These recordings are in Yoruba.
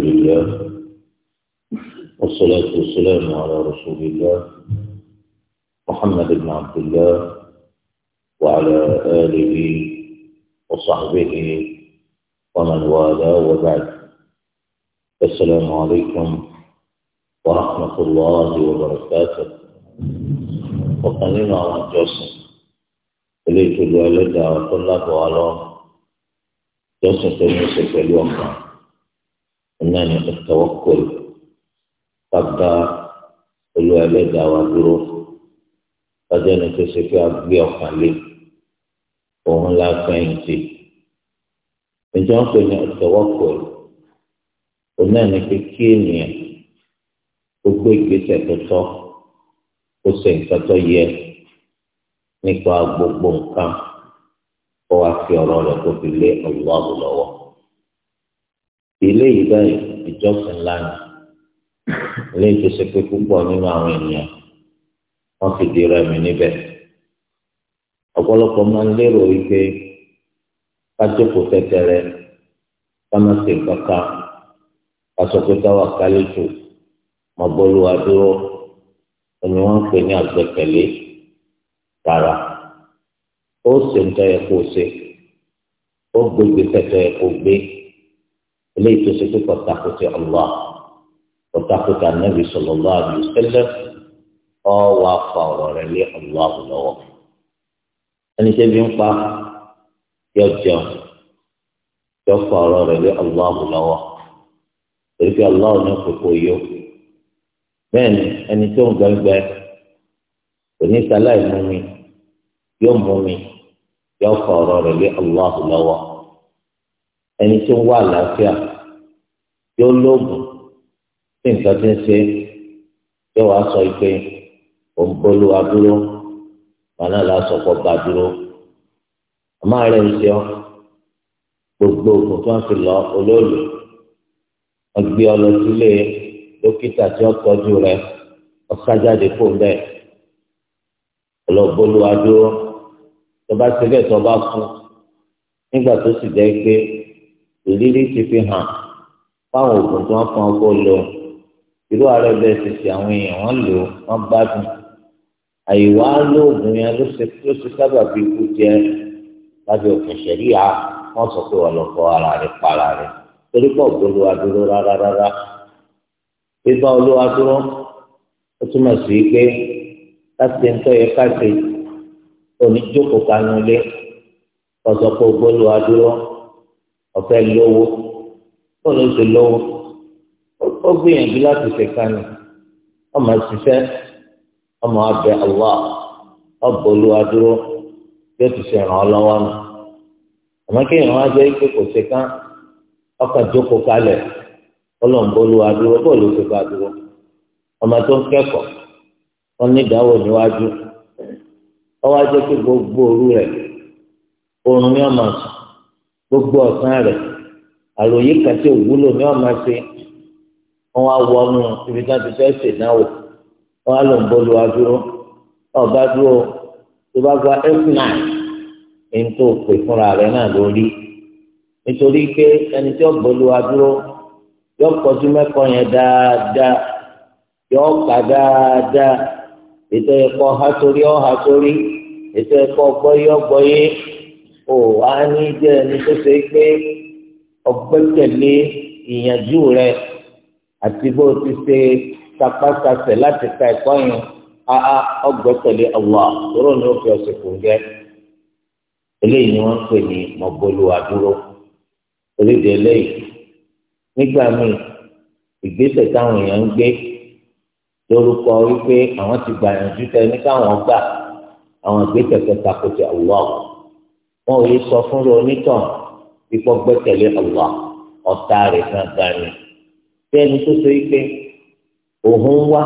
لله والصلاة والسلام على رسول الله محمد بن عبد الله وعلى آله وصحبه ومن والاه وبعد السلام عليكم ورحمة الله وبركاته وقنينا على جسم إليك lọ ẹlẹ́dàá على lábọ̀ wá lọ lọ́sùn tó ìnáni ìtọ́wọ́kọ̀lù bàbá olúwa ẹlẹ́dàá wa dúró ọjọ́ ní tó ṣe pé a gbé ọkàn lé òun la fẹ́yìntì ìjọ ń pè ní ìtọ́wọ́kọ̀lù ìnáni pé kí ènìyàn gbogbo ìgbésẹ̀ tó tọ́ ó ṣe nǹkan tó yẹ nípa gbogbo nǹkan ó wá fi ọ̀rọ̀ rẹ̀ kó fi lé ọlọ́ọ̀bù lọ́wọ́ eléyìí báyìí ìjọsìn ńlá ni eléyìí tó ṣe pé púpọ̀ nínú àwọn ènìyàn wọ́n fi di rẹmi níbẹ̀ ọ̀pọ̀lọpọ̀ máa ń lérò wípé kájókòó tẹ́tẹ́rẹ́ kámásì kankan kásọpẹ́tà wà kálíjù mọ̀bọ́lúwa dúró ẹni wọ́n ń pè ní àgbẹ̀kẹ̀lé rárá ó ṣe ń tẹ́ ẹ kó ṣe ó gbégbé tẹ́tẹ́ ẹ gbé eléyìí tó ṣe pé pàtàkùtì Allah pàtàkùtì anabi sallallahu alaihi wasallam ọ wà fà ọ̀rọ̀ rẹ̀ lé Allah lọ́wọ́ ẹni tẹ́ bí ń pa yọ jẹun yọ fà ọ̀rọ̀ rẹ̀ lé Allah lọ́wọ́ torí pé Allah ní kókó yó bẹ́ẹ̀ ni ẹni tó ń gbẹ́ngbẹ́ òní sáláì mú Allah lọ́wọ́ ẹni tó wà àlàáfíà yóò lóògùn tí nǹkan ti ń ṣe yóò wá sọ pé òun bọ́lú wa dúró bàánà lásọpọ̀ bá dúró àmọ́ rẹ̀ ń ṣe ọ́ gbogbo oògùn tí wọ́n fi lọ olóòlù wọ́n gbé ọ lọ sílé dókítà tí wọ́n tọ́jú rẹ ọ̀sájáde fún bẹ́ẹ̀ ọlọ́bọ́lú dúró tó bá ṣe fún nígbà tó sì jẹ́ pé ìrírí ti fi hàn fáwọn oògùn tí wọ́n fún ọkọ lò irú ààrẹ bẹ́ẹ̀ ti ṣe àwọn èèyàn wọ́n lò wọ́n gbádùn àyíwá lóògùn yẹn ló ṣe sábà bí ikú jẹ lábẹ́ òfin ṣẹ̀ríà wọ́n sọ pé wọ́n lọ fọ ara rẹ̀ para rẹ̀ torí pọ̀ gbólóhà dúró rárá rárá bíbá olówó dúró ó túmọ̀ sí pé láti ń tọ́ yẹ oníjókòó kanú lé ọ̀sọ̀kọ̀ gbólóhà dúró ọ̀fẹ́ lówó ó ló ṣe lówó ó gbìyànjú láti ṣèkà ni ọmọ ṣiṣẹ́ ọmọ abẹ Allah ọbọ olúwa dúró yóò ti ṣe ràn ọ́ lọ́wọ́ nù àmọ́ kéèyàn wá jẹ́ pé kò ṣèkà ọkàn jókòó kalẹ̀ ọlọ́mọbọ olúwa dúró bó ló ṣèkà dúró ọmọ tó ń kẹ́kọ̀ọ́ wọn ní ìdánwò níwájú ọwọ́ ajẹ́ pé gbogbo òru rẹ̀ oorun ní ọmọ sùn gbogbo ọ̀sán rẹ̀ àròyé kàtí òwúlò ní ọ̀ma ṣe wọn á wọnú ibi tí wọn ti fẹ́ ṣèdánwò wọn á lò ń bọ́ lùwà dúró ọba dúró tó bá gba f nine ní tó pè fúnra rẹ̀ náà lórí nítorí pé ẹni tí ó bọ́ lùwà dúró yọ kọjú mẹ́kọ yẹn dáadáa yọ kà dáadáa ètò ẹ̀kọ́ ha sórí ọ̀ ha sórí ètò ẹ̀kọ́ gbọ́yé ọgbọ́yé ò wá ní jẹ́ ẹni tó ṣe pé ọgbẹ́kẹ̀lé ìyànjú rẹ àti bó ti ṣe sapásasẹ̀ láti ka ẹ̀kọ́ yẹn aa ọgbẹ́kẹ̀lé Allah tóró ni ó fi ọ̀sẹ̀ kò jẹ́ eléyìí ni wọ́n ń pè ní mọ̀gbọ́lùwàdúró oríṣi eléyìí nígbà míì ìgbésẹ̀ táwọn èèyàn ń gbé lórúkọ wípé àwọn ti gbàyànjú tẹ ní káwọn gbà àwọn ìgbésẹ̀ kẹta kò tẹ ọ̀wọ́ àwọn. wọn ò yé sọ fún rẹ onítàn ipò gbẹ́kẹ̀lé ọlọ ọ̀tá rẹ gángan ni bẹ́ẹ̀ni tó so ike òun wá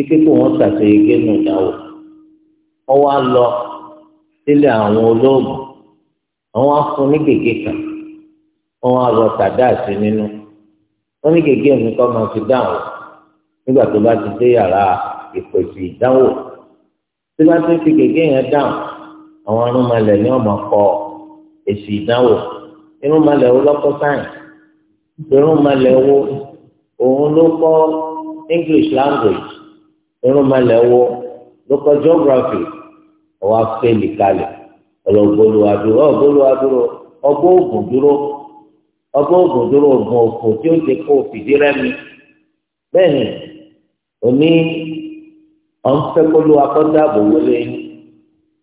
ike kó wọn tàṣe ike nù ìdáwó ọwọ lọ sílé àwọn olóògùn àwọn afún ní gègé kan wọn á lọ tàdá sí nínú wọn ní gègé mi kọ́ máa fi dáhùn nígbà tó bá ti dé yàrá ìpèsè ìdánwò tó bá ti fi gègé yẹn dáhùn. àwọn arúnmalẹ̀ ní ọmọ kọ èsì ìdánwò irúnmalẹ̀ wo lọ́kọ́ sáyẹ̀nsì irúnmalẹ̀ wo òun ló English language irúnmalẹ̀ wo ló kọ́ geography ọwọ́ afẹ́lì kalẹ̀ ọlọ́gbọ́lùwàdúró ọgbọ́lùwàdúró ọgbọ́ ògùn dúró ọgbọ́ ògùn dúró tí ni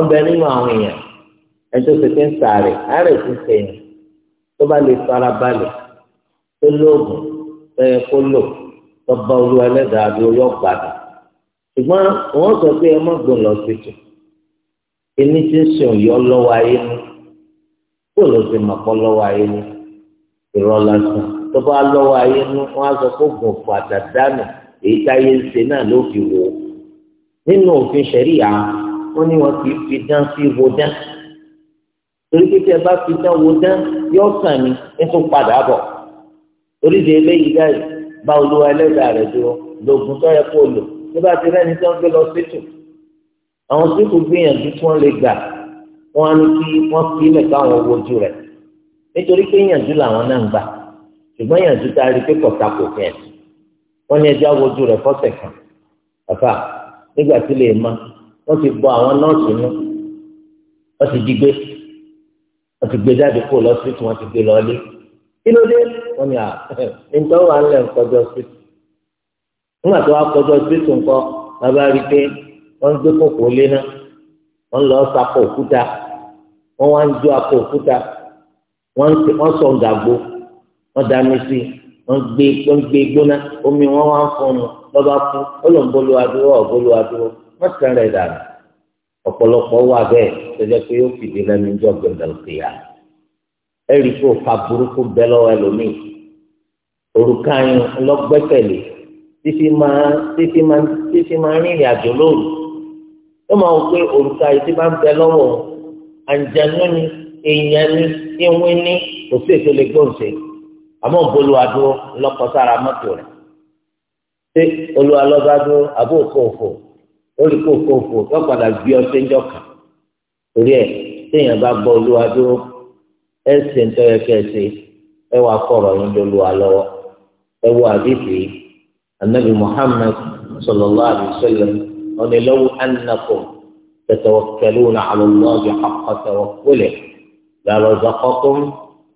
ọbẹ̀ nínú àwọn èèyàn ẹjọ́ pépé ń sàárẹ̀ àárẹ̀ ti sèyàn tó bá lè fara balẹ̀ tó lóògùn tẹ́yẹ kó lò tó bá olúwa ẹlẹ́dàá bí oyọ́ gbàdà ṣùgbọ́n wọ́n sọ pé ẹ má gbọ́n lọ sí tù ẹni tí ń sùn yọ lọ́wọ́ ayé ni kó lọ sí màpọ̀ lọ́wọ́ ayé ni ìrọ̀ lásán tó bá lọ́wọ́ ayé ni wọ́n á sọ pé oògùn fàtà dànù èyí táyé ń ṣe náà ló fi wò nínú òfin ṣẹ̀ríyà á ó ní wọn kì í fi dán sí ihò dán torí pé tí ẹ bá fi dán wo dán yóò sàn ní nítorí padà bọ̀ oríṣi eléyìí dáì bá olúwa ẹlẹ́dàá rẹ̀ dúró lóògùn tó yẹ kó lò tó bá ti rẹ́ni tó ń gbé lọ sétù àwọn sétù gbìyànjú tí wọ́n lè gbà wọ́n á ní kí wọ́n fi ilẹ̀ káwọn wojú rẹ̀ nítorí pé ìyànjú làwọn náà ń gbà ṣùgbọ́n ìyànjú tá a rí pé kọ̀tà kò fi ẹ̀ wọ́n ní ẹjọ́ wojú rẹ̀ fọ́sẹ̀ kan bàbá nígbà tí lè máa wọ́n ti bọ àwọn nọ́ọ̀sì inú wọ́n ti jí gbé wọ́n ti gbé jáde kó lọ sí tí wọ́n ti gbé lọ lé kí ló dé wọ́n ní à nígbà wà ń lẹ̀ ń kọjọ sí nígbà tó wà kọjọ sí tó ń kọ bàbá rí pé wọ́n ń gbé kòkó lé náà wọ́n lọ sapọ̀ òkúta wọ́n wá ń jó apọ̀ òkúta wọ́n sọ gàgbó wọ́n dami sí wọ́n gbé gbóná omi wọ́n wá ń fọnù lọ́ba fún ó lọ́n bọ́lú adúró ọ̀ bọ́lú adúró wọ́n sàn rẹ̀ dànù ọ̀pọ̀lọpọ̀ wà bẹ́ẹ̀ tẹ́jọ́ pé ó fìdí lẹ́nu jọ gbẹ̀dọ̀kìyà ẹ̀rí kó fa burúkú bẹ́ lọ́wọ́ ẹlòmíì òrùka yẹn lọ́gbẹ́kẹ̀lé títí máa títí máa títí máa rìnrìn àjò lóru ó máa wọ pé òrùka yìí ti máa ń bẹ lọ́wọ́ àǹjẹ̀nú ni èèyàn ni ìwín ni kò sí èso lè gbóǹsè àmọ́ òbólúwadúró lọ́kọ̀ sára mọ́tò rẹ̀ ṣé olúwa lọ́ba dúró òfò ó rí kókófò tó padà gbé ọtí ń jọkà torí ẹ téèyàn bá gbọ́ olúwa dúró ẹ ṣe ń tọ́ yẹ kẹ́ ẹ ṣe ẹ wàá kọ̀rọ̀ yín lóluwa lọ́wọ́ ẹ wo àdìsí anabi muhammad sallallahu alayhi wa sallam ọ̀nà law annakum tatawakkaluna ala allahi haqqa tawakkuli la razaqakum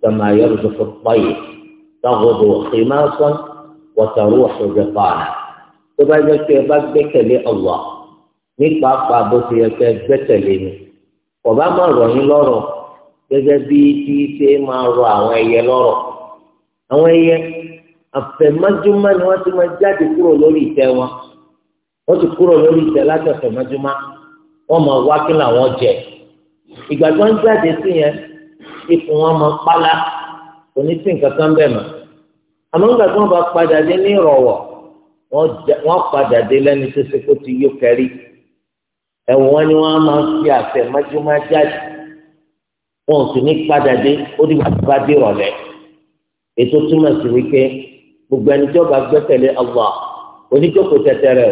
kama yarzuqu at-tayr taghdu khimasan wa tó bá jẹ́ pé ẹ bá gbẹ́kẹ̀lé allah ní pàápàá bó ti yẹ kẹ́ gbẹ́tẹ̀lé ni ọba máa rọ̀ yín lọ́rọ̀ gẹ́gẹ́ bí tí ṣe máa rọ àwọn ẹyẹ lọ́rọ̀ àwọn ẹyẹ àfẹ̀mọ́júmọ́ ni wọ́n ti máa jáde kúrò lórí ìtẹ́ wọn wọ́n ti kúrò lórí ìtẹ́ láti àfẹ̀mọ́júmọ́ wọ́n máa wá kí làwọn jẹ ìgbà tí wọ́n jáde sí yẹn ikùn wọn máa pálá kò ní sí nǹkan kan nígbà tí wọ́n bá padà dé ní ìrọ̀wọ́ wọ́n padà dé lẹ́ni tó ṣe kó ti yó kẹrí ẹ̀wọ̀n ni wọ́n máa ń fi àfẹ́ májúmọ́ jáde wọn ò sì ní padà dé ó ní wàá bá dé ìrọ̀lẹ́ ètò túmọ̀ sí wípé gbogbo ẹni tó bá gbẹ́kẹ̀lé Allah oníjókòó tẹ̀tẹ̀rẹ̀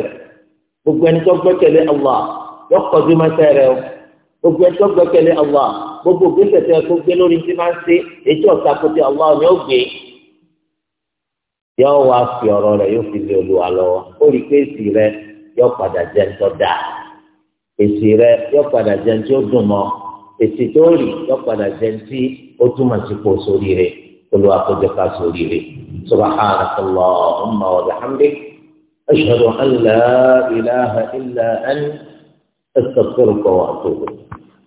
o gbogbo ẹni tó gbẹ́kẹ̀lé Allah lọ́kọ̀ọ́dú mẹ́tẹ̀rẹ̀ o gbogbo ẹni tó gbẹ́kẹ̀lé Allah gbogbo gbèsè tẹ̀ tó gbé lórí tí máa ń ṣe ètò ọ̀tà kòtì Allah ni ó gbé yọ wá fi ọ̀rọ̀ rẹ̀ yóò fi lé olúwa lọ́wọ́ èsì rẹ yóò padà jẹun tí ó dùn mọ́ èsì tó rì yóò padà jẹun tí ó túmọ̀ sí kó sórí rẹ olùwà kó jẹ ká sórí rẹ subhanaka allahumma wa bihamdik ashhadu an la ilaha illa anta astaghfiruka wa atubu